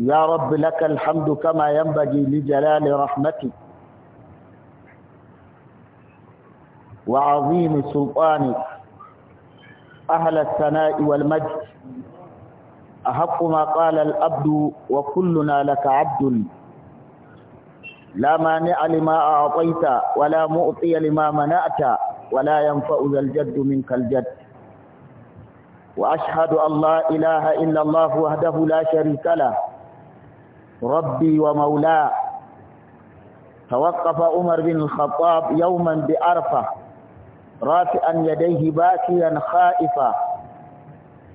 يا رب لك الحمد كما ينبغي لجلال رحمتك وعظيم سلطانك أهل الثناء والمجد أحق ما قال الأبد وكلنا لك عبد لا مانع لما أعطيت ولا مؤطي لما منعت ولا ينفع ذا الجد منك الجد وأشهد أن لا إله إلا الله وحده لا شريك له ربي ومولاه توقف عمر بن الخطاب يوما بأرفة رافعا يديه باكيا خائفا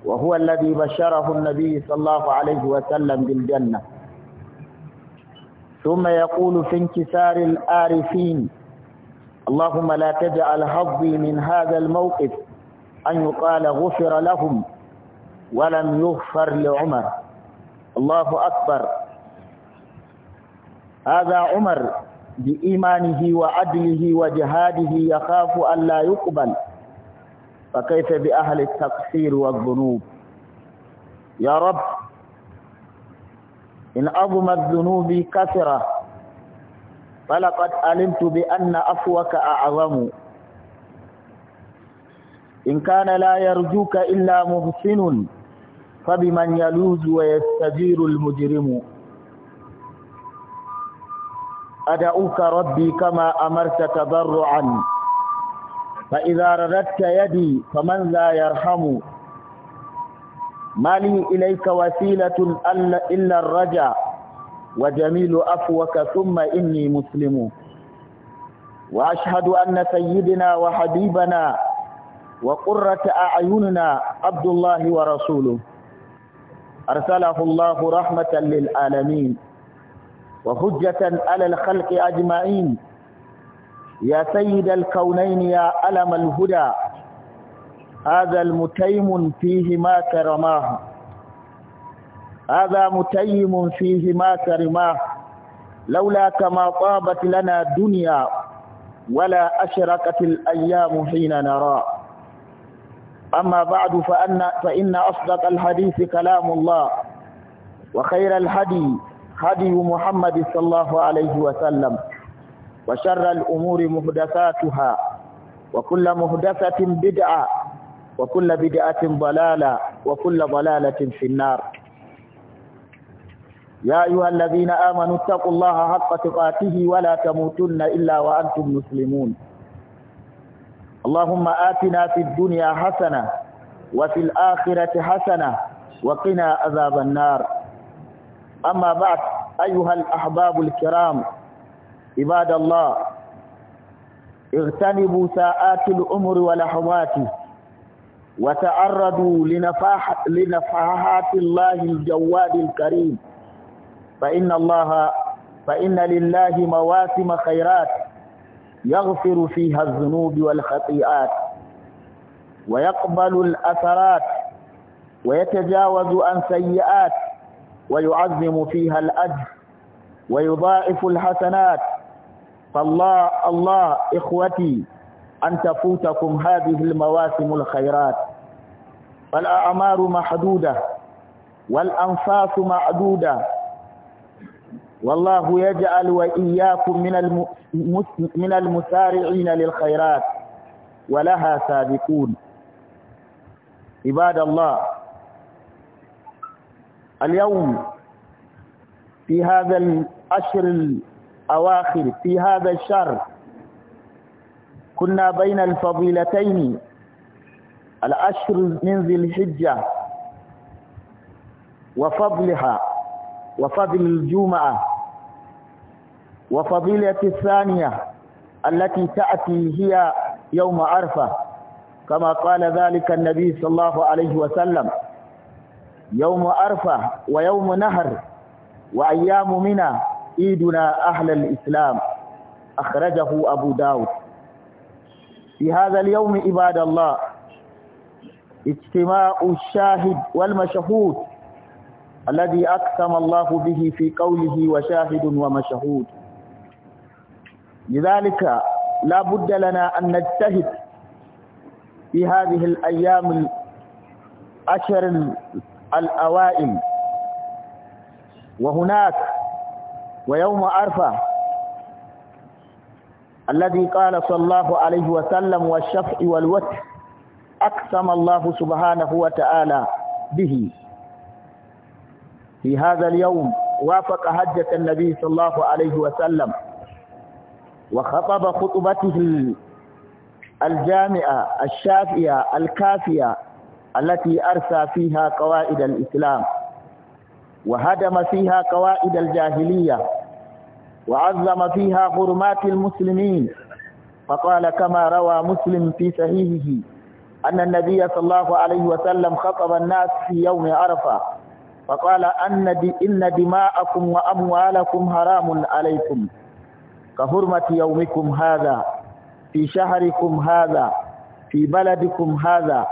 وهو الذي بشره النبي صلى الله عليه وسلم بالجنة ثم يقول في انكسار الآرفين اللهم لا تجعل حظي من هذا الموقف أن يقال غفر لهم ولم يغفر لعمر الله أكبر هذا عمر بإيمانه وعدله وجهاده يخاف أن لا يقبل فكيف بأهل التقصير والذنوب يا رب إن أظم ذنوبي كثرة فلقد علمت بأن أفوك أعظم إن كان لا يرجوك إلا محسن فبمن يلوز ويستجير المجرم أدعوك ربي كما أمرت تضرعا فإذا رددت يدي فمن لا يرحم ما لي إليك وسيلة إلا الرجع وجميل أفوك ثم إني مسلم وأشهد أن سيدنا وحبيبنا وقرة أعيننا عبد الله ورسوله أرسله الله رحمة للعالمين وحجة على الخلق أجمعين يا سيد الكونين يا ألم الهدى هذا المتيم فيه ما كرماه هذا متيم فيه ما كرماه لولا كما طابت لنا الدنيا ولا أشركت الأيام حين نرى أما بعد فأن فإن أصدق الحديث كلام الله وخير الهدي هدي محمد صلى الله عليه وسلم وشر الأمور مهدثاتها وكل مهدثة بدعة وكل بدعة ضلالة وكل ضلالة في النار يا أيها الذين آمنوا اتقوا الله حق تقاته ولا تموتن إلا وأنتم مسلمون اللهم آتنا في الدنيا حسنة وفي الآخرة حسنة وقنا عذاب النار أما بعد أيها الأحباب الكرام عباد الله اغتنبوا ساعات الأمر ولحظاته وتعرضوا لنفاح لنفحات الله الجواد الكريم فإن الله فإن لله مواسم خيرات يغفر فيها الذنوب والخطيئات ويقبل الأثرات ويتجاوز عن سيئات ويعظم فيها الأجر ويضاعف الحسنات فالله الله إخوتي أن تفوتكم هذه المواسم الخيرات فالأعمار محدودة والأنفاس معدودة والله يجعل وإياكم من من المسارعين للخيرات ولها سابقون عباد الله اليوم في هذا الأشر الأواخر في هذا الشهر كنا بين الفضيلتين الأشر من ذي الحجة وفضلها وفضل الجمعة وفضيلة الثانية التي تأتي هي يوم عرفة كما قال ذلك النبي صلى الله عليه وسلم يوم أرفع ويوم نهر وأيام منى إيدنا أهل الإسلام أخرجه أبو داود في هذا اليوم عباد الله اجتماع الشاهد والمشهود الذي أقسم الله به في قوله وشاهد ومشهود لذلك لا بد لنا أن نجتهد في هذه الأيام العشر الأوائم وهناك ويوم عرفة الذي قال صلى الله عليه وسلم والشفع والوتر أقسم الله سبحانه وتعالى به في هذا اليوم وافق حجة النبي صلى الله عليه وسلم وخطب خطبته الجامعة الشافية الكافية التي أرسى فيها قواعد الإسلام وهدم فيها قواعد الجاهلية وعظم فيها حرمات المسلمين فقال كما روى مسلم في صحيحه أن النبي صلى الله عليه وسلم خطب الناس في يوم عرفة فقال أن دي إن دماءكم وأموالكم حرام عليكم كحرمة يومكم هذا في شهركم هذا في بلدكم هذا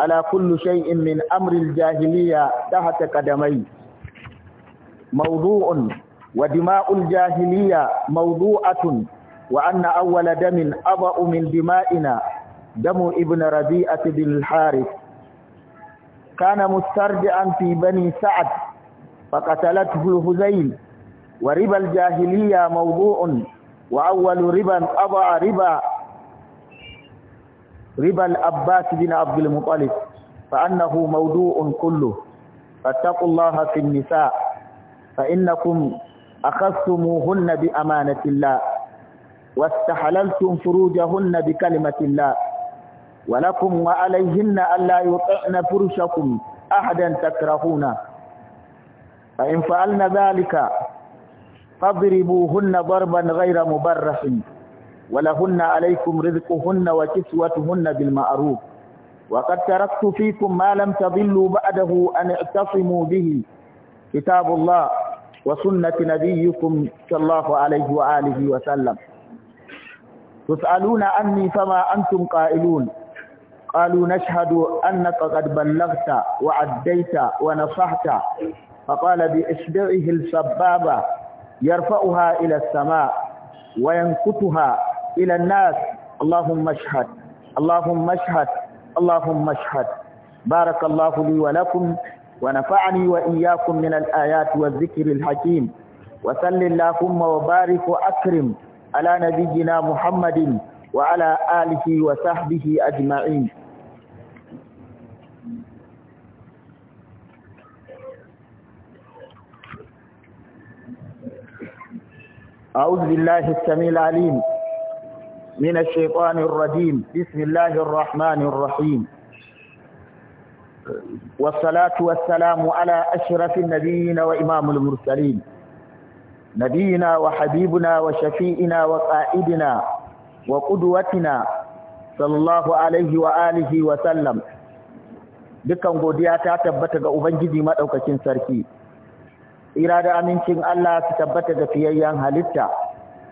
على كل شيء من أمر الجاهلية تحت قدمي موضوع ودماء الجاهلية موضوعة وأن أول دم أضأ من دمائنا دم ابن ربيعة بن الحارث كان مسترجعا في بني سعد فقتلته الهزيل وربا الجاهلية موضوع وأول ربا أضع ربا ربا الأباس بن عبد المطلب فأنه موضوع كله فاتقوا الله في النساء فإنكم أخذتموهن بأمانة الله واستحللتم فروجهن بكلمة الله ولكم وعليهن ألا يطعن فرشكم أحدا تكرهونه فإن فعلن ذلك فاضربوهن ضربا غير مبرح ولهن عليكم رزقهن وكسوتهن بالمعروف وقد تركت فيكم ما لم تضلوا بعده أن اعتصموا به كتاب الله وسنة نبيكم صلى الله عليه وآله وسلم تسألون عني فما أنتم قائلون قالوا نشهد أنك قد بلغت وعديت ونصحت فقال بإشبعه السبابة يرفعها إلى السماء وينكتها إلى الناس اللهم اشهد اللهم اشهد اللهم اشهد بارك الله لي ولكم ونفعني وإياكم من الآيات والذكر الحكيم وسل اللهم وبارك وأكرم على نبينا محمد وعلى آله وصحبه أجمعين أعوذ بالله السميع العليم من الشيطان الرجيم بسم الله الرحمن الرحيم والصلاة والسلام على أشرف النبيين وإمام المرسلين نبينا وحبيبنا وشفيئنا وقائدنا وقدوتنا صلى الله عليه وآله وسلم dukan godiya ta tabbata ga Ubangiji madaukakin sarki ira da amincin Allah su tabbata ga fiyayyen halitta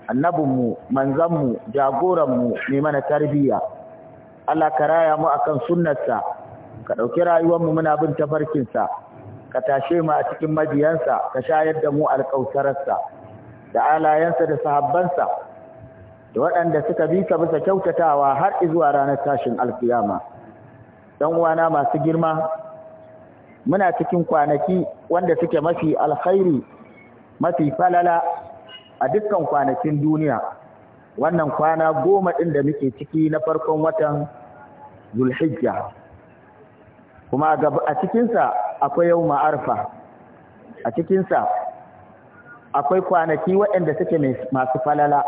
annabinmu manzanmu jagoranmu ne mana tarbiyya Allah ka raya mu akan sunnarsa ka ɗauki rayuwarmu muna bin tafarkinsa ka tashe mu a cikin majiyansa, ka shayar da mu alƙautararsa da alayensa da sahabbansa da waɗanda suka bi ka bisa kyautatawa har zuwa ranar tashin alkiyama dan uwana masu girma muna cikin kwanaki wanda suke mafi alkhairi mafi falala a dukkan kwanakin duniya wannan kwana goma ɗin da muke ciki na farkon watan zulhijja kuma a cikinsa akwai yau ma'arfa a cikinsa akwai kwanaki waɗanda suke masu falala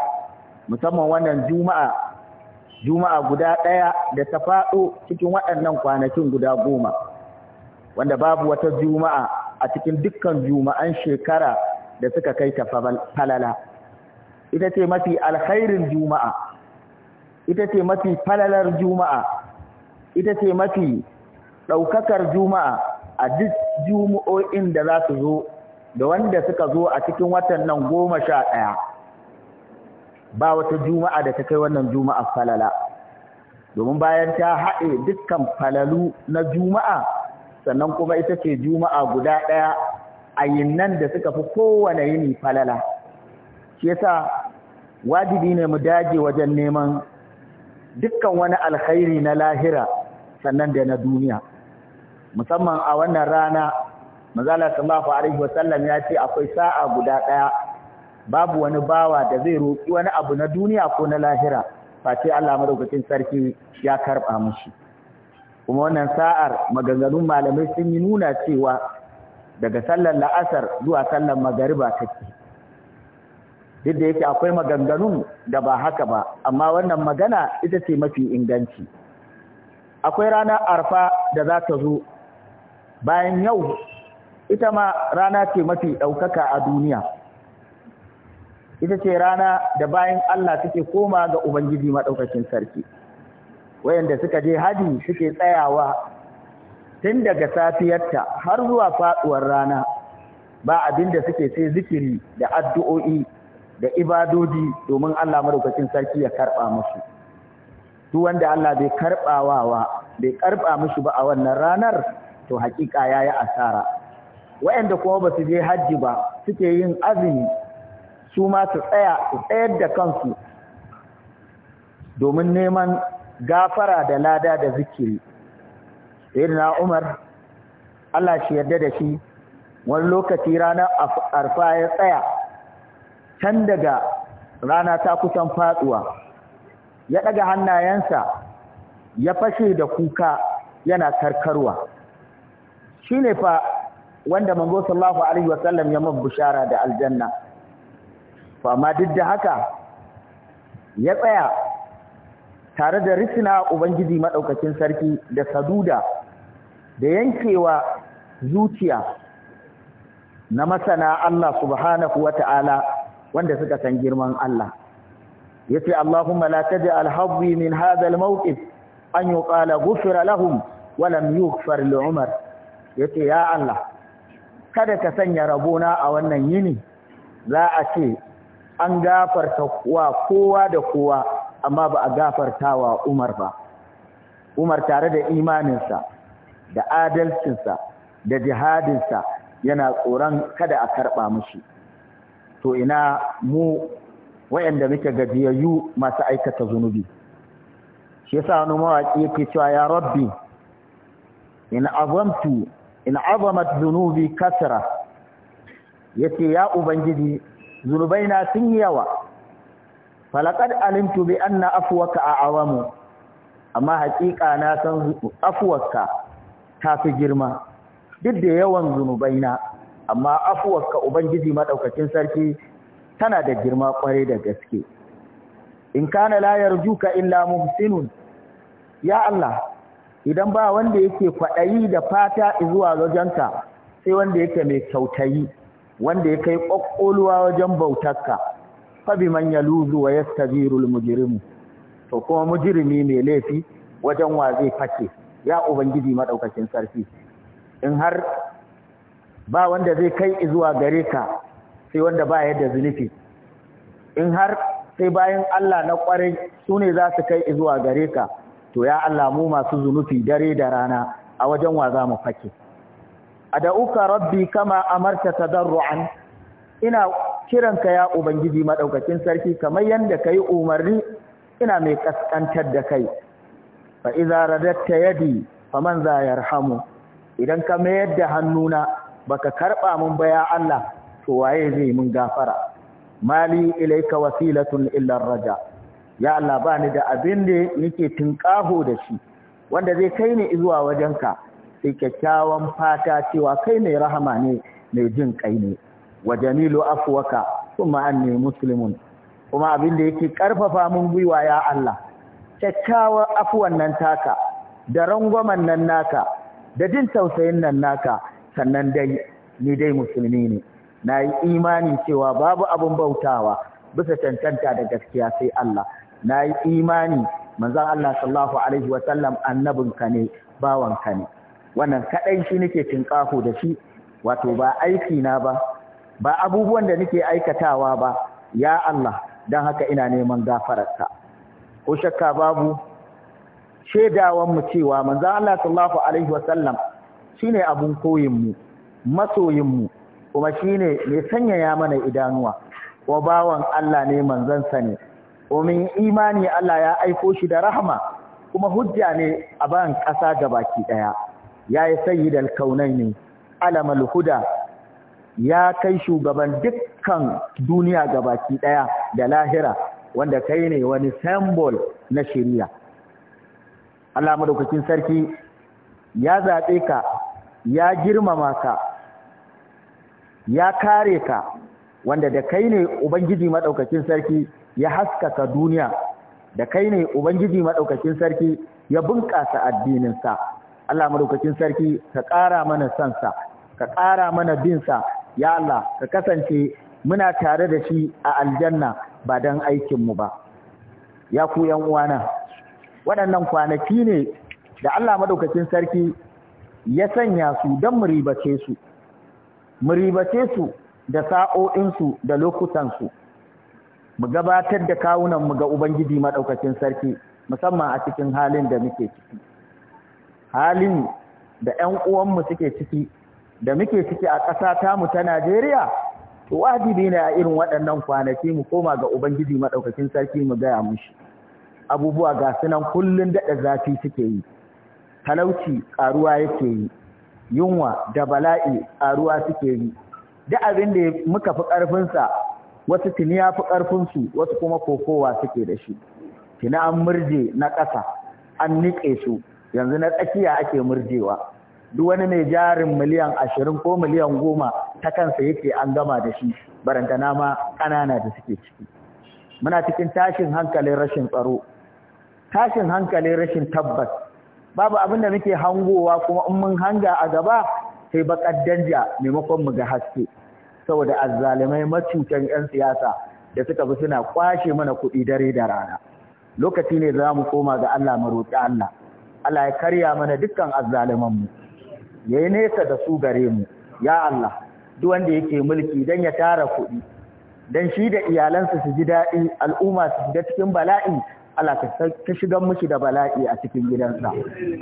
musamman wannan juma'a juma'a guda ɗaya da ta faɗo cikin waɗannan kwanakin guda goma wanda babu wata juma'a a cikin dukkan juma'an shekara da suka kai ta falala ita ce mafi alkhairin juma'a ita ce mafi falalar juma'a ita ce mafi ɗaukakar juma'a a duk juma'o'in da za su zo da wanda suka zo a cikin watan nan goma sha ɗaya ba wata juma'a da ta kai wannan juma'a falala domin bayan ta haɗe dukkan falalu na juma'a sannan kuma ita ce juma'a guda ɗaya ayinnan da suka fi kowane yini falala shi yasa wajibi ne mu daje wajen neman dukkan wani alkhairi na lahira sannan da na duniya musamman a wannan rana manzala sallallahu alaihi wasallam ya ce akwai sa'a guda ɗaya. babu wani bawa da zai roƙi wani abu na duniya ko na lahira face Allah madaukakin sarki ya karba mushi kuma wannan sa'ar maganganun malamai sun yi nuna cewa daga sallar la'asar zuwa sallar magariba take duk da yake akwai maganganun da ba haka ba amma wannan magana ita ce mafi inganci akwai rana arfa da za ta zo bayan yau ita ma rana ce mafi ɗaukaka a duniya ita ce rana da bayan Allah take koma ga Ubangiji maɗaukakin sarki wayanda suka je haji suke tsayawa tun daga safiyarta har zuwa faduwar rana ba abinda suke sai zikiri da addu'o'i da ibadoji domin Allah madaukakin sarki ya karba musu duk wanda Allah bai wa, bai karba musu ba a wannan ranar to hakika yayi asara wayanda kuma ba su je haji ba suke yin azumi su ma su tsaya su tsayar da kansu domin neman gafara da lada da zikiri sayyidina Umar Allah shi yarda da shi wani lokaci ranar arfa ya tsaya can daga rana ta kusan faduwa ya daga hannayensa ya fashe da kuka yana karkarwa shine fa wanda manzo Sallahu alaihi wasallam ya mabu shara da aljanna fa ma duk da haka ya tsaya tare da risina ubangiji maɗaukakin sarki da saduda da yankewa zuciya na masana Allah subhanahu ta'ala wanda suka san girman Allah yace Allahumma la taj'al hadhi min hazal al-mawqif an yuqala ghufira lahum wa lam yace ya Allah kada ka sanya rabona a wannan yini za a ce an gafarta wa kowa da kowa amma ba a gafartawa Umar ba Umar tare da imaninsa da adalcinsa da jihadinsa yana tsoron kada a karɓa mushi to ina mu waɗanda muke gajiyayyu masu aikata zunubi shi yasa wani mawaƙi yake cewa ya rabbi in azamtu in azamat zunubi kasra yace ya ubangiji zunubai na sun yi yawa falaqad alimtu bi anna afwaka a'awamu amma haƙiƙa na san afuwarka ta fi girma duk da yawan zunubaina amma afuwarka ubangiji madaukakin sarki tana da girma kware da gaske in kana la yarjuka illa muhsinun ya Allah idan ba wanda yake kwaɗayi da fata zuwa wajenka sai wanda yake mai kyautayi wanda ya kai ƙwaƙƙoluwa wajen bautarka manya luzu wa yastajiru mujirimu, to kuma mujirimi mai laifi wajen wa zai fake ya ubangiji madaukakin sarki in har ba wanda zai kai zuwa gare ka sai wanda ba yadda zunufi in har sai bayan Allah na kwarai su ne za su kai izuwa gare ka to ya Allah mu masu zunufi dare da rana a wajen wa za mu fake ad'uka rabbi kama amarta tadarruan ina kiranka ya ubangiji maɗaukacin sarki kamar yadda ka yi umarni ina mai ƙasƙantar da kai Ba iza radatta yadi man za yarhamu idan ka mayar da hannuna baka karɓa mun ba ya Allah to waye zai mun gafara mali ilai ka wasilatun illar raja ya Allah bani da abin da nake tunƙaho da shi wanda zai kai ni zuwa wajenka sai kyakkyawan fata cewa kai mai rahama ne mai jin kai ne wa jamilu afwaka kuma anni muslimun kuma abin da yake karfafa mun gwiwa ya Allah kyakkyawar afwan nan taka da rangwaman nan naka da jin tausayin nan naka sannan dai ni dai musulmi ne na yi imani cewa babu abin bautawa bisa cancanta da gaskiya sai Allah na yi imani manzon Allah sallallahu alaihi wasallam annabinka ne bawanka ne wannan kadai shi nake tinkaho da shi wato ba aiki na ba ba abubuwan da nake aikatawa ba ya Allah don haka ina neman gafararka ko shakka babu shedawan mu cewa manzo Allah sallallahu alaihi wasallam shine abun koyin mu masoyin mu kuma shine mai sanyaya mana idanuwa wa bawan Allah ne manzon sa ne domin imani Allah ya aiko shi da rahama kuma hujja ne a ban kasa gabaki daya yayi sayyidal kaunaini alamal huda ya kai shugaban dukkan duniya gabaki daya da lahira wanda kai ne wani symbol na shari'a Allah madaukakin sarki ya zaɓe ka ya girmama ka ya kare ka wanda da kai ne ubangiji madaukakin sarki ya haskaka duniya da kai ne ubangiji madaukakin sarki ya bunƙasa addininsa Allah madaukakin sarki ka ƙara mana sansa ka ƙara mana binsa ya Allah ka kasance muna tare da shi a aljanna ba don aikinmu ba ya ku uwana waɗannan kwanaki ne da Allah maɗaukacin sarki ya sanya su don mu ribace su mu ribace su da sa'o'insu da lokutansu mu gabatar da kawunan mu ga ubangiji maɗaukacin sarki musamman a cikin halin da muke ciki halin da 'yan uwanmu suke ciki da muke ciki a ƙasa mu ta Najeriya to wajibi ne a irin waɗannan kwanaki mu koma ga Ubangiji maɗaukakin sarki mu gaya mushi abubuwa ga sunan kullum daɗa zafi suke yi talauci ƙaruwa yake yi yunwa da bala'i ƙaruwa suke yi Da abin da muka fi ƙarfinsa wasu tuni ya fi ƙarfinsu wasu kuma kokowa suke da shi tuni an murje na ƙasa an niƙe su yanzu na tsakiya ake murjewa duk wani mai jarin miliyan ashirin ko miliyan goma ta kansa yake an gama da shi barantana ma ƙanana da suke ciki muna cikin tashin hankalin rashin tsaro tashin hankalin rashin tabbas babu abin da muke hangowa kuma in mun hanga a gaba sai baƙar danja maimakon mu ga haske saboda azzalumai macutan 'yan siyasa da suka fi suna kwashe mana kuɗi dare da rana lokaci ne za mu koma ga Allah mu roƙi Allah Allah ya karya mana dukkan mu. ya yi nesa da su gare mu ya Allah duk wanda yake mulki don ya tara kuɗi don shi da iyalansa su ji daɗi al'umma su shiga cikin bala'i Allah ka shigar mushi da bala'i a cikin gidansa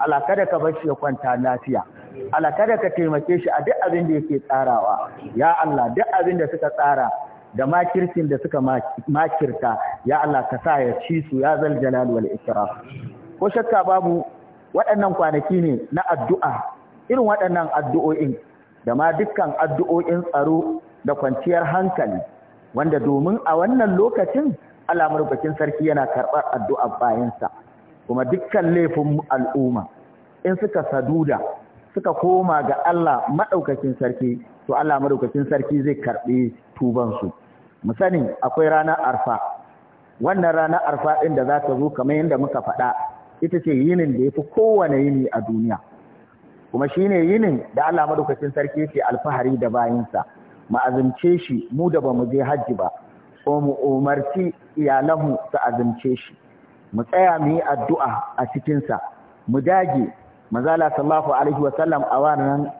Allah kada ka bar shi ya kwanta lafiya Allah kada ka taimake shi a duk abin da yake tsarawa ya Allah duk abin da suka tsara da makirkin da suka makirta ya Allah ka sa ya ci su ya zal jalal wal ko shakka babu waɗannan kwanaki ne na addu'a irin waɗannan addu'o'in da ma dukkan addu'o'in tsaro da kwanciyar hankali wanda domin a wannan lokacin alamar bakin sarki yana karɓar addu'ar bayansa kuma dukkan laifin al'umma in suka saduda suka koma ga Allah maɗaukakin sarki to Allah maɗaukakin sarki zai karɓi tubansu mu akwai ranar arfa wannan ranar arfa ɗin da za ta zo kamar yadda muka faɗa ita ce yinin da ya fi kowane yini a duniya kuma shi ne yinin da Allah madaukakin sarki yake alfahari da bayinsa mu azumce shi mu da ba mu je hajji ba ko mu umarci iyalanmu su azumce shi mu tsaya mu yi addu'a a cikin sa mu dage manzala sallallahu alaihi wa sallam a wannan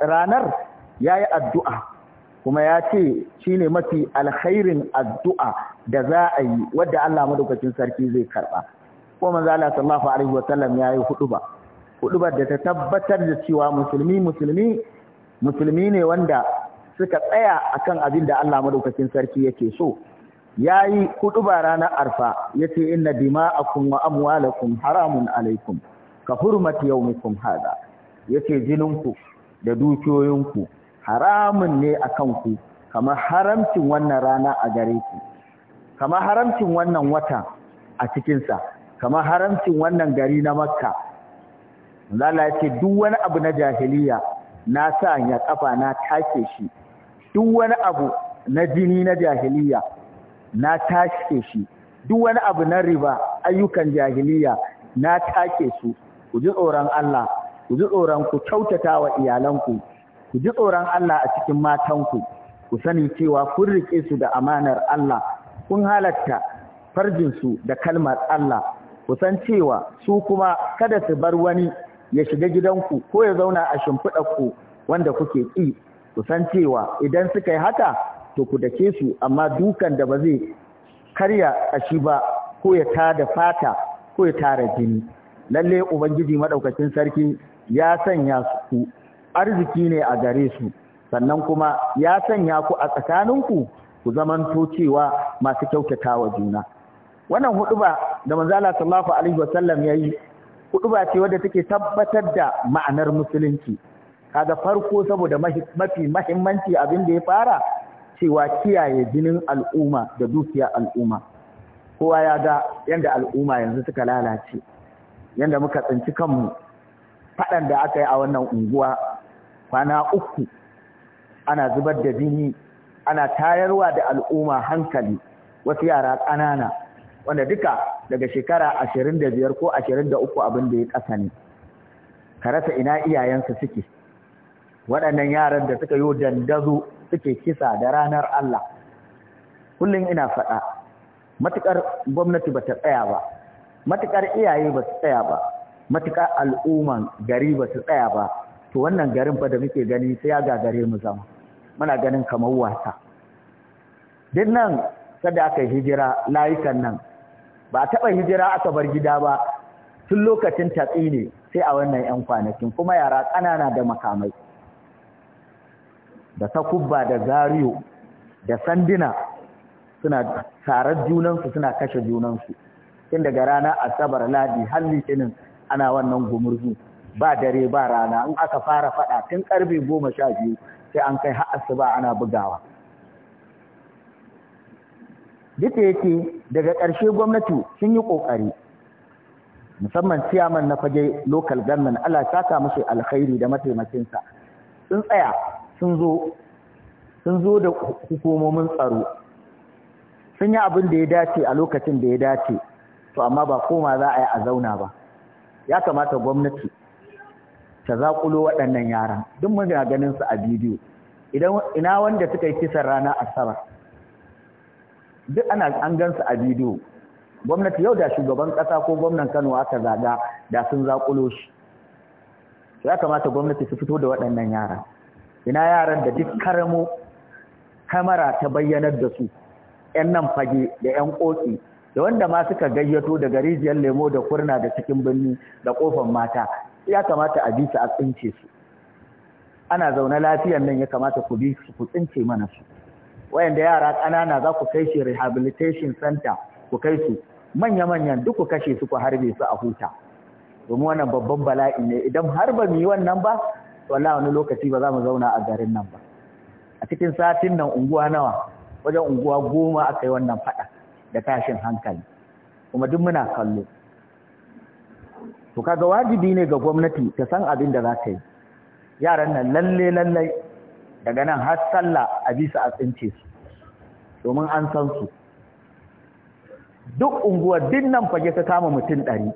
ranar yayi addu'a kuma ya ce shi ne mafi alkhairin addu'a da za a yi wadda Allah madaukakin sarki zai karba ko manzala sallallahu alaihi wa sallam yayi hudu ba hudubar da ta tabbatar da cewa musulmi musulmi musulmi ne wanda suka tsaya akan abin da Allah madaukakin sarki yake so yayi ba ranar arfa yace inna dima'akum wa amwalakum haramun alaikum ka hurmat yaumikum hada yace jininku da dukiyoyinku haramun ne akan ku kamar haramcin wannan rana a gare ku kamar haramcin wannan wata a cikinsa kamar haramcin wannan gari na makka Allah ya ce duk wani abu na jahiliya na sa ya kafa na take shi duk wani abu na jini na jahiliya na take shi duk wani abu na riba ayyukan jahiliya na take su ku ji tsoron Allah ku ji tsoron ku kyautata wa iyalanku ku ji tsoron Allah a cikin matanku ku sani cewa kun rike su da amanar Allah kun halatta farjinsu da kalmar Allah ku san cewa su kuma kada su bar wani ya shiga gidanku ko ya zauna a shimfiɗarku wanda kuke ƙi ku san cewa idan suka yi haka to ku dake su amma dukan da ba zai karya a shi ba ko ya tada fata ko ya tara jini lalle ubangiji maɗaukacin sarki ya sanya ku arziki ne a gare su sannan kuma ya sanya ku a tsakaninku ku zamanto cewa masu kyautatawa juna wannan huɗuba da manzala sallallahu alaihi wasallam yayi hudu ba ce wadda take tabbatar da ma'anar musulunci kaga farko saboda mafi mahimmanci abin da ya fara cewa kiyaye jinin al'umma da dukiya al'umma kowa ya ga yanda al'umma yanzu suka lalace yanda muka tsinci kanmu faɗan da aka yi a wannan unguwa kwana uku ana zubar da jini ana tayarwa da al'umma hankali wasu yara ƙanana wanda duka daga shekara ashirin da biyar ko ashirin da uku abin da ya ƙasa ne ka rasa ina iyayensa suke waɗannan yaran da suka yi dandazo suke kisa da ranar Allah kullum ina faɗa matuƙar gwamnati ba ta tsaya ba matuƙar iyaye ba su tsaya ba matuƙar al'umman gari ba su tsaya ba to wannan garin fa da muke gani sai ya gagare mu zama muna ganin kamar wata. duk nan sada aka yi hijira layukan nan ba taɓa hijira aka bar gida ba tun lokacin tatsi ne sai a wannan 'yan kwanakin kuma yara ƙanana da makamai da takubba da zariyo da sandina suna tarar junansu suna kashe junansu tun daga rana asabar ladi har litinin ana wannan gumurzu ba dare ba rana in aka fara fada tun karfe goma sha biyu sai an kai ha'asu ba ana bugawa duk da yake daga ƙarshe gwamnati sun yi ƙoƙari musamman ciyaman na fage local government Allah ta saka musu alkhairi da mataimakinsa sun tsaya sun zo sun zo da hukumomin tsaro sun yi abin da ya dace a lokacin da ya dace to amma ba koma za a yi a zauna ba ya kamata gwamnati ta zaƙulo waɗannan yaran duk muna ganin su a bidiyo idan ina wanda suka yi kisan rana asabar duk ana an gansu a bidiyo gwamnati yau da shugaban kasa ko gwamnan Kano aka zaga da sun zakulo shi ya kamata gwamnati su fito da waɗannan yara ina yaran da duk karamo kamara ta bayyanar da su yan nan fage da yan ƙoƙi da wanda ma suka gayyato daga rijiyar lemo da kurna da cikin birni da ƙofan mata ya kamata a bi a tsince su ana zaune lafiyan nan ya kamata ku bi su ku tsince mana su wayanda yara ƙanana za ku kai shi rehabilitation center ku kai su manya-manyan duk ku kashe su ku harbe su a huta domin wannan babban bala'i ne idan har ba mu yi wannan ba wallahi wani lokaci ba za mu zauna a garin nan ba a cikin satin nan unguwa nawa wajen unguwa goma aka yi wannan faɗa da tashin hankali kuma duk muna kallo to kaga wajibi ne ga gwamnati ta san abin da za ta yi yaran nan lalle lalle daga nan har sallah a bisa a tsince su domin an san su duk unguwar din nan fage ta kama mutum ɗari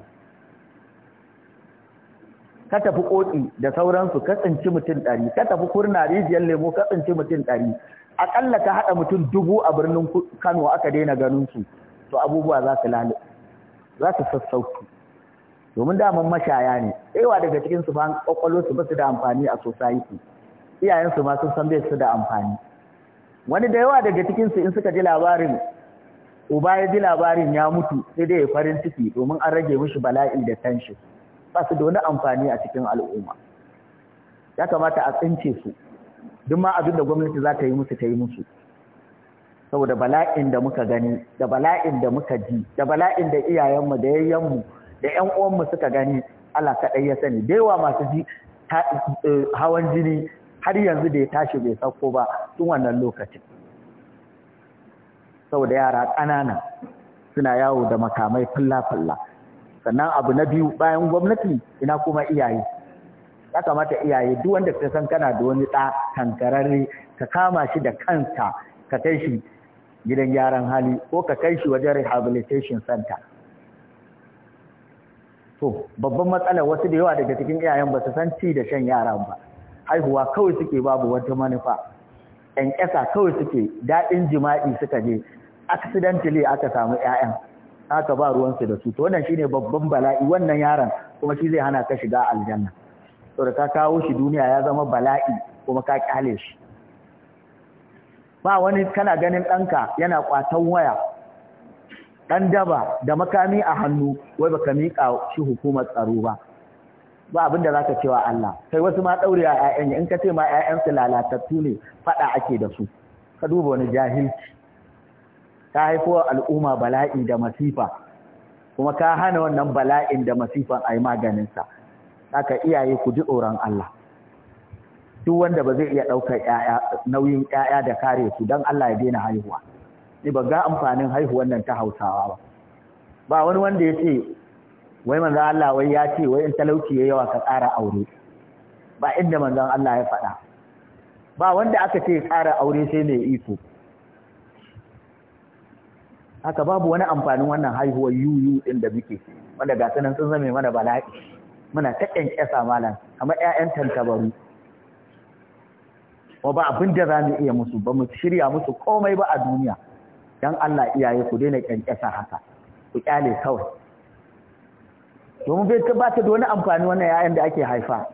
ka tafi ƙoƙi da sauransu ka tsinci mutum ɗari ka tafi kurna rijiyar lemo ka tsinci mutum ɗari aƙalla ka haɗa mutum dubu a birnin kano aka daina ganin su to abubuwa za su lalu za su sassauki domin daman mashaya ne ɗewa daga cikin su ba ƙwaƙwalo su ba su da amfani a society iyayensu ma sun san bai su da amfani wani da yawa daga cikinsu in suka ji labarin uba ya ji labarin ya mutu sai dai ya farin ciki domin an rage mishi bala'i da tanshi ba su da wani amfani a cikin al'umma ya kamata a tsince su duk ma abin da gwamnati za ta yi musu ta yi musu saboda bala'in da muka gani da bala'in da muka ji da bala'in da iyayenmu da yayyenmu da ƴan uwanmu suka gani Allah kaɗai ya sani da yawa masu ji eh, hawan jini har yanzu da ya tashi bai sauko ba tun wannan lokacin saboda yara ƙanana suna yawo da makamai fulla-fulla sannan abu na biyu bayan gwamnati ina kuma iyaye ya kamata iyaye duk wanda ka san kana da wani ɗa kankararre ka kama shi da kanka ka kai shi gidan gyaran hali ko ka kai shi wajen rehabilitation center to babban matsalar wasu da yawa daga cikin iyayen ba su san ci da shan yaran ba haihuwa kawai suke babu wata manufa ƙasa kawai suke daɗin jima'i suka je accidentally aka samu ya'yan aka ba ruwansu da su to wannan shine babban bala'i wannan yaron kuma shi zai hana ka shiga aljanna to da ka kawo shi duniya ya zama bala'i kuma ka kyale shi ba wani kana ganin ɗanka yana ƙwatan waya ɗan daba da makami a hannu wai baka miƙa shi hukumar tsaro ba ba abin za ka cewa Allah kai wasu ma ɗaure a ‘ya'yan in ka ce ma ‘ya'yansu lalatattu ne faɗa ake da su ka duba wani jahilci ka haifo al'umma bala'i da masifa kuma ka hana wannan bala'in da masifan a yi maganinsa haka iyaye ku ji tsoron Allah duk wanda ba zai iya ɗaukar nauyin ‘ya'ya da kare su don Allah ya daina haihuwa ni ba ga amfanin haihuwan nan ta hausawa ba ba wani wanda ya ce wai manzan Allah wai ya ce wai in talauci ya yawa ka tsara aure ba inda manzan Allah ya faɗa ba wanda aka ce ƙara aure sai mai iko haka babu wani amfanin wannan haihuwar yuyu ɗin da muke wanda ga sanan sun zame mana bala'i muna ta ƙyanƙyasa malam kamar ƴaƴan tantabaru wa ba abin da za mu iya musu ba mu shirya musu komai ba a duniya dan Allah iyaye ku daina ƙyanƙyasa haka ku ƙyale kawai domin bai ta bata da wani amfani wannan yayan da ake haifa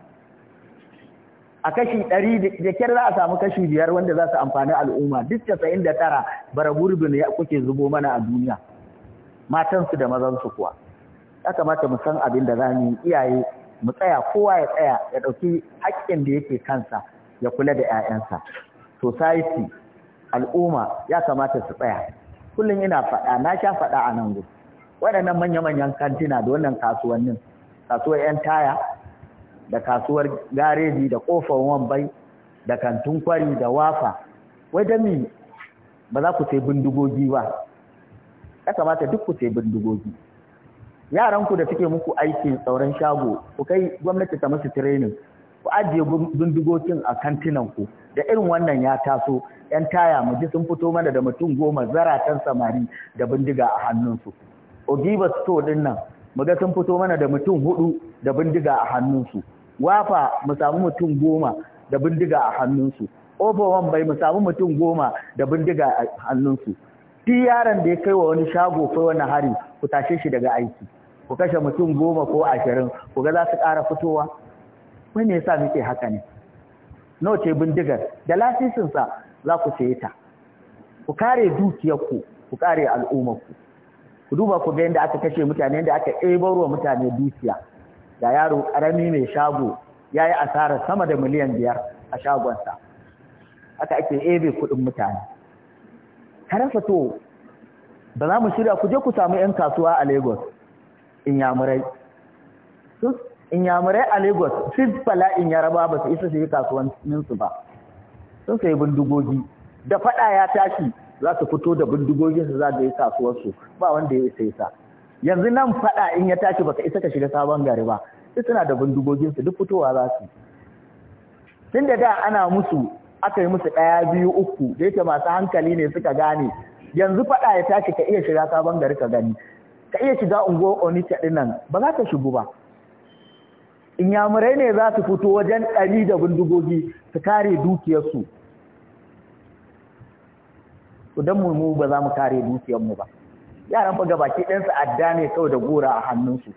a kashi ɗari da kyar za a samu kashi biyar wanda za su amfani al'umma duk casa'in da tara bara gurbin ya kuke zubo mana a duniya matansu da mazansu kuwa ya kamata mu san abin da za mu yi iyaye mu tsaya kowa ya tsaya ya ɗauki haƙƙin da yake kansa ya kula da 'ya'yansa society al'umma ya kamata su tsaya kullum ina faɗa na sha faɗa a nan gudu waɗannan manya-manyan kantina da wannan kasuwannin kasuwar 'yan taya da kasuwar gareji da ƙofar wambai da kantin kwari da wafa wai da ba za ku sai bindigogi ba ya kamata duk ku sai bindigogi yaranku da suke muku aikin tsauran shago ku kai gwamnati ta musu training ku ajiye bindigogin a kantinanku da irin wannan ya taso 'yan taya mu ji sun fito mana da mutum goma zaratan samari da bindiga a hannunsu ogiba store din nan muga sun fito mana da mutum hudu da bindiga a hannunsu wafa mu samu mutum goma da bindiga a hannunsu wan bai mu samu mutum goma da bindiga a hannunsu ti yaron da ya kai wa wani shago kai wani hari ku tashe shi daga aiki ku kashe mutum goma ko ashirin ku ga za su ƙara fitowa mai yasa muke haka ne nawa ce bindigar da lasisinsa za ku saye ta ku kare dukiyarku ku kare al'ummarku ku duba ku ga yadda aka kashe mutane yadda aka wa mutane dukiya da yaro ƙarami mai shago ya yi asara sama da miliyan biyar a shagonsa aka ake ebe kuɗin mutane karasa to ba za mu shirya ku je ku samu 'yan kasuwa a lagos In yamurai a lagos fit bala'in yaraba ba su isa su yi kasuwanninsu ba sun sayi bindigogi da faɗa ya tashi za su fito da bindigogin su za yi kasuwarsu, ba wanda ya isa isa yanzu nan fada in ya tashi baka isa ka shiga sabon gari ba sai suna da bindigogin su duk fitowa za su tun da da ana musu aka yi musu ɗaya biyu uku da yake masu hankali ne suka gane yanzu fada ya tashi ka iya shiga sabon gari ka gani ka iya shiga unguwar onitsha din nan ba za ka shigo ba inyamurai ne za su fito wajen ɗari da bindigogi su kare dukiyarsu to dan mu mu ba za mu kare dukiyar mu ba yaran fa gabaki dan su adda ne kawai da gora a hannunsu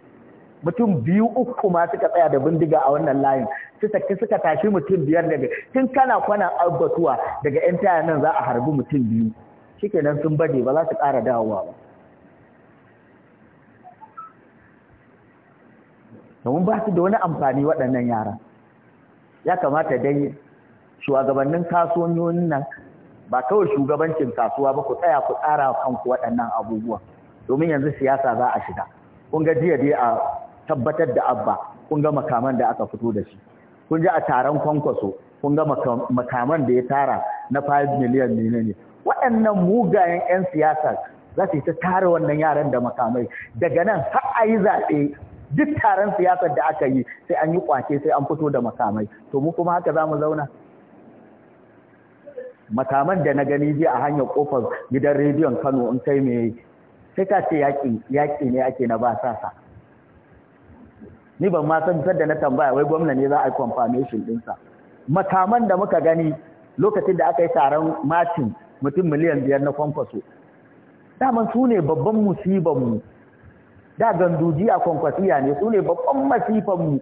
mutum biyu uku ma suka tsaya da bindiga a wannan layin suka tashi mutum biyar daga tun kana kwana albatuwa daga yan taya nan za a harbi mutum biyu shikenan sun bade ba za su ƙara dawowa ba domin ba su da wani amfani waɗannan yaran ya kamata dai shugabannin kasuwanyoyin nan ba kawai shugabancin kasuwa ba ku tsaya ku tsara kanku waɗannan abubuwa domin yanzu siyasa za a shiga kun ga jiya dai a tabbatar da abba kun ga makaman da aka fito da shi kun ji a taron kwankwaso kun ga makaman da ya tara na 5 miliyan ne ne. waɗannan mugayen 'yan siyasa za su yi ta tara wannan yaran da makamai daga nan har a yi zaɓe duk taron siyasar da aka yi sai an yi kwace sai an fito da makamai to mu kuma haka za mu zauna makaman da na gani ji a hanyar kofar gidan rediyon Kano in kai mai sai ka ce yaƙi ne ake na ba sasa ni ban ma san da na tambaya wai gwamna ne za a yi confirmation dinsa. makaman da muka gani lokacin da aka yi taron matin mutum miliyan biyar na kwankwaso daman su ne babban musibanmu da ganduji a kwankwasiya ne su ne babban masifanmu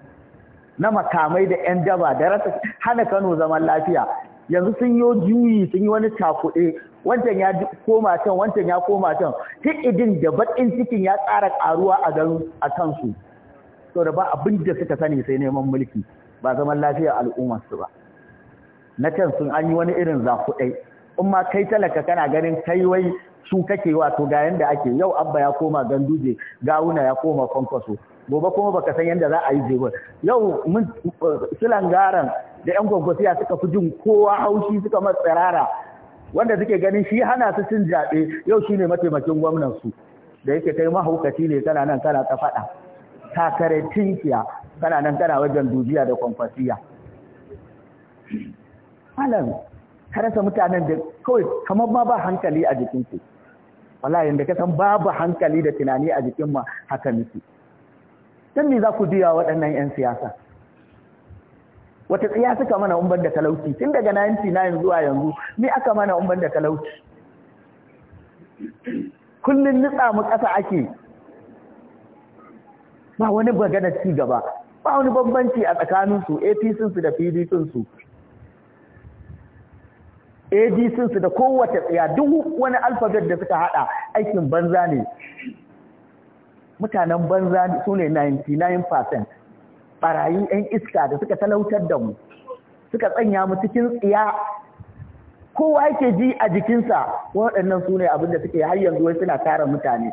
na makamai da 'yan daba da rasa hana kano zaman lafiya yanzu sun yi juyi sun yi wani cakuɗe wancan ya koma can wancan ya koma can hikidin da baƙin cikin ya tsara ƙaruwa a garu a kansu to da ba abin da suka sani sai neman mulki ba zaman lafiyar al'ummarsu ba na can sun an yi wani irin zakuɗai in ma kai talaka kana ganin kai wai su kake wato ga yanda ake yau abba ya koma ganduje gawuna ya koma kwankwaso gobe kuma baka san yadda za a yi ba. yau mun garan da yan gwagwasiya suka fi jin kowa haushi suka matsarara wanda suke ganin shi hana su cin jaɓe yau shine mataimakin gwamnan su da yake kai mahaukaci ne tana nan tana ta faɗa takare tinkiya tana nan tana wajen dujiya da kwamfasiya malam karasa mutanen da kawai kamar ma ba hankali a jikinku wallahi da ka san babu hankali da tunani a jikin ma haka nufi don me za ku biya waɗannan 'yan siyasa wata tsiya suka mana umbar da talauci tun daga 99 zuwa yanzu ni aka mana umbar da talauci kullum nitsa mu ƙasa ake ba wani bagana ci gaba ba wani bambanci a tsakaninsu apcinsu da pdcinsu su da kowace tsiya duk wani alfabet da suka hada aikin banza ne mutanen banza su ne 99% barayi 'yan iska da suka talautar da mu suka tsanya mu cikin tsiya kowa yake ji a jikinsa waɗannan su ne abin da suke har yanzu wai suna tara mutane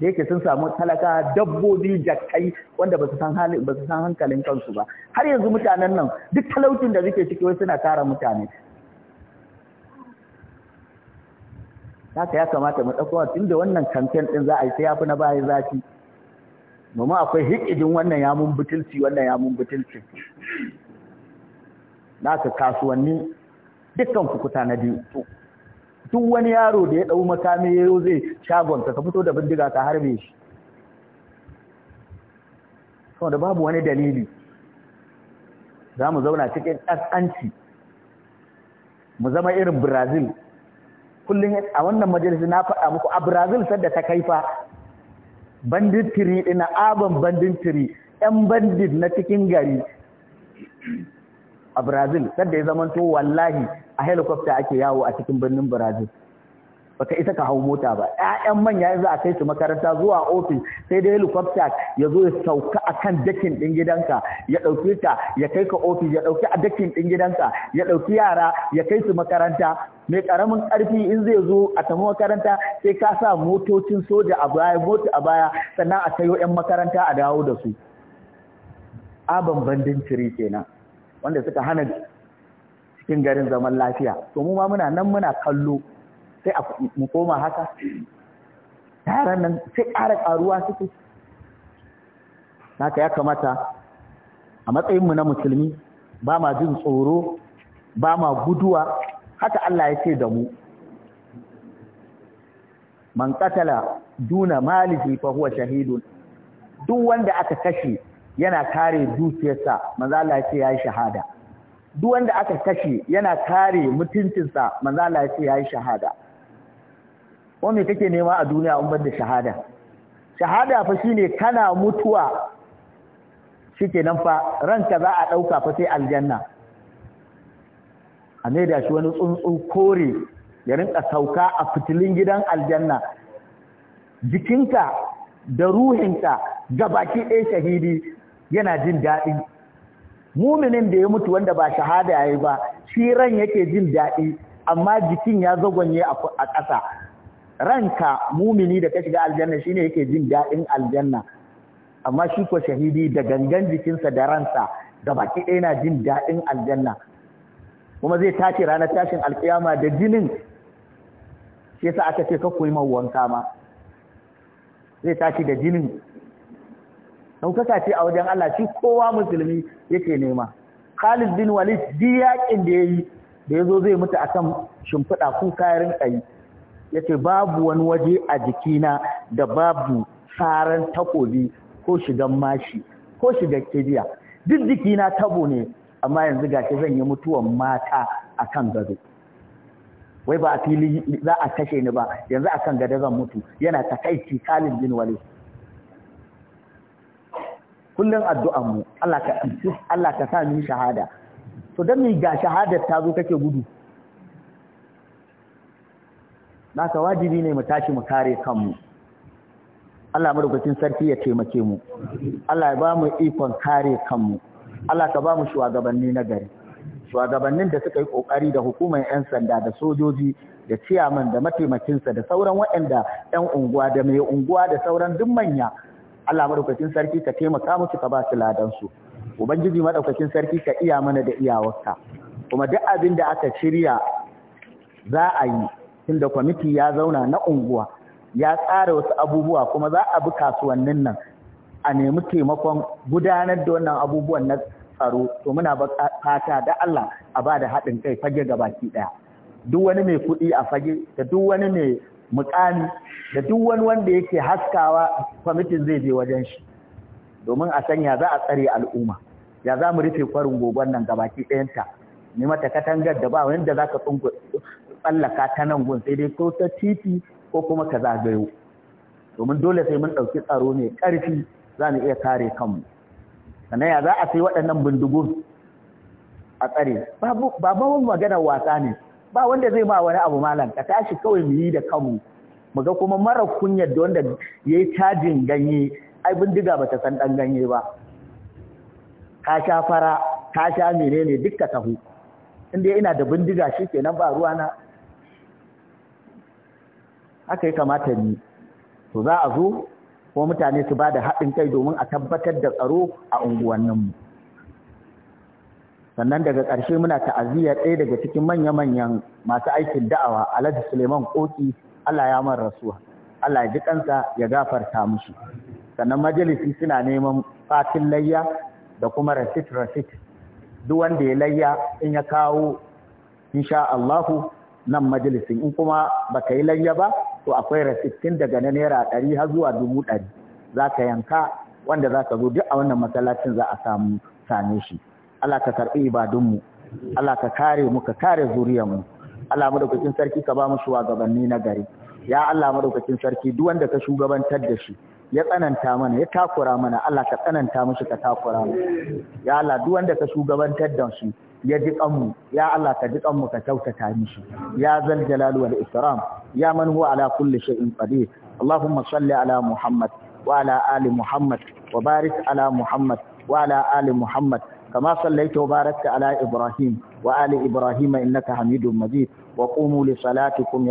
da yake sun samu talaka dabbobi jakkai wanda ba su san hankalin kansu ba har yanzu mutanen nan duk talaucin da suke ciki wai suna tara mutane haka ya kamata mu ɗauko tun da wannan kamfen ɗin za a yi sai ya fi na bayan zafi domin akwai hikidin wannan yamun butulci wannan yamun butulci ka kasuwanni dukkan kukuta na biyu duk wani yaro da ya dau makami yayo zai shagonta ka fito da bindiga ka harbe shi da babu wani dalili za mu zauna cikin ƙasƙanci mu zama irin brazil kullum a wannan majalisi na faɗa muku a brazil sadda ta kaifa banditiri ina aban banditiri yan bandit na cikin gari a Brazil sadda ya to wallahi a helicopter ake yawo a cikin birnin Brazil baka isa ka hau mota ba ƴaƴan manya in za a kai su makaranta zuwa ofis sai dai helicopter ya zo ya sauka akan dakin din gidanka ya ɗauke ka ya kai ka ofis ya ɗauki a dakin din gidanka ya ɗauki yara ya kai su makaranta mai karamin ƙarfi in zai zo a tafi makaranta sai ka sa motocin soja a baya mota a baya sannan a sayo ƴan makaranta a dawo da su a bandin ciri kenan wanda suka hana cikin garin zaman lafiya to mu ma muna nan muna kallo sai a mu koma haka yaran nan sai ƙara ƙaruwa suke haka ya kamata a matsayinmu na musulmi ba ma jin tsoro ba ma guduwa haka Allah ya ce da mu man katala duna malihi fa huwa shahidun duk wanda aka kashe yana kare dukiyarsa manzo Allah ya ce yayi shahada duk wanda aka kashe yana kare mutuncinsa manzo Allah ya ce yayi shahada wanda take kake nema a duniya in bar da shahada shahada fa shine kana mutuwa shikenan fa ranka za a dauka fa sai aljanna a da shi wani tsuntsu kore ya rinka sauka a fitilin gidan aljanna jikinka da ruhinka ga baki ɗaya shahidi yana jin daɗi muminin da ya mutu wanda ba shahada ya yi ba shi ran yake jin daɗi amma jikin ya zagonye a ƙasa ranka mumini da ka shiga aljanna shine yake jin daɗin aljanna amma shi ko shahidi da gangan jikinsa da ransa da baki ɗaya na jin daɗin aljanna kuma zai tace ranar tashin alkiyama da jinin shi yasa aka ce ka koyi wanka ma zai tashi da jinin ɗaukaka ce a wajen Allah shi kowa musulmi yake nema Khalid bin Walid duk yakin da yayi da ya zo zai mutu akan shimfiɗa kuka ya rinka yace babu wani waje a jikina da babu saran takobi ko shigan mashi ko shigan kiriya duk jikina tabo ne amma yanzu shi zan yi mutuwan mata a kan gado wai ba a fili za a kashe ni ba yanzu a kan gado zan mutu yana ta ci kalin bin wale kullum addu'anmu mu Allah ka Allah sa ni shahada to dan ni ga shahadar ta zo kake gudu Naka wajibi ne mu tashi mu kare kanmu Allah madaukakin sarki ya taimake mu Allah ya ba mu ikon kare kanmu Allah ka ba mu shugabanni na gari shugabannin da suka yi kokari da hukumar yan sanda da sojoji da ciyaman da mataimakinsa da sauran waɗanda yan unguwa da mai unguwa da sauran duk manya Allah madaukakin sarki ka taimaka musu ka ba su ladan su ubangiji madaukakin sarki ka iya mana da iyawarka kuma duk abin da aka shirya za a yi tunda kwamiti ya zauna na unguwa ya tsara wasu abubuwa kuma za a bi kasuwannin nan a nemi taimakon gudanar da wannan abubuwan na tsaro to muna fata da Allah a ba da haɗin kai fage ga baki ɗaya duk wani mai kuɗi a fage da duk wani mai mukami da duk wani wanda yake haskawa kwamitin zai je wajen shi domin a sanya za a tsare al'umma ya za mu rufe kwarin gogon nan gabaki ɗayanta ni mata katangar da ba wanda za ka tsallaka ta nan gun sai dai ko ta titi ko kuma ka zagayo domin dole sai mun ɗauki tsaro mai ƙarfi za mu iya kare kanmu sannan ya za a sai waɗannan bindigun a tsare ba mun magana wasa ne ba wanda zai ma wani abu malam ka tashi kawai mu yi da kanmu mu ga kuma mara kunyar da wanda ya yi cajin ganye ai bindiga ba ta san ɗan ganye ba ka sha fara ka sha menene duk ka taho inda ina da bindiga shi kenan ba ruwa na? haka ya kamata ni to za a zo kuma mutane su bada haɗin kai domin a tabbatar da tsaro a unguwanninmu sannan daga ƙarshe muna ta'aziyya ɗaya daga cikin manya-manyan masu aikin da'awa alhaji suleiman koki allah ya man rasuwa allah ya ji kansa ya gafarta mushi sannan majalisi suna neman fatin layya da kuma rasit rasit duk wanda ya layya in ya kawo insha Allahu nan majalisin in kuma baka yi layya ba to akwai rasittin daga na naira ɗari har zuwa dubu ɗari za ka yanka wanda za ka zo duk a wannan masallacin za a samu same shi Allah ka karɓi ibadunmu Allah ka kare mu ka kare zuriyarmu Allah madaukakin sarki ka ba mu shugabanni na gari ya Allah madaukakin sarki duk wanda ka shugabantar da shi ya tsananta mana ya takura mana Allah ka tsananta mushi ka takura mana ya Allah duk wanda ka shugabantar da shi ya ji kanmu ya Allah ka ji kanmu ka kyautata mishi ya zal jalal wal ikram ya man huwa ala kulli shay'in qadir allahumma salli ala muhammad wa ala ali muhammad wa barik ala muhammad wa ala ali muhammad kama sallaita wa barakta ala ibrahim wa ali ibrahim innaka hamidum majid wa qumu li salatikum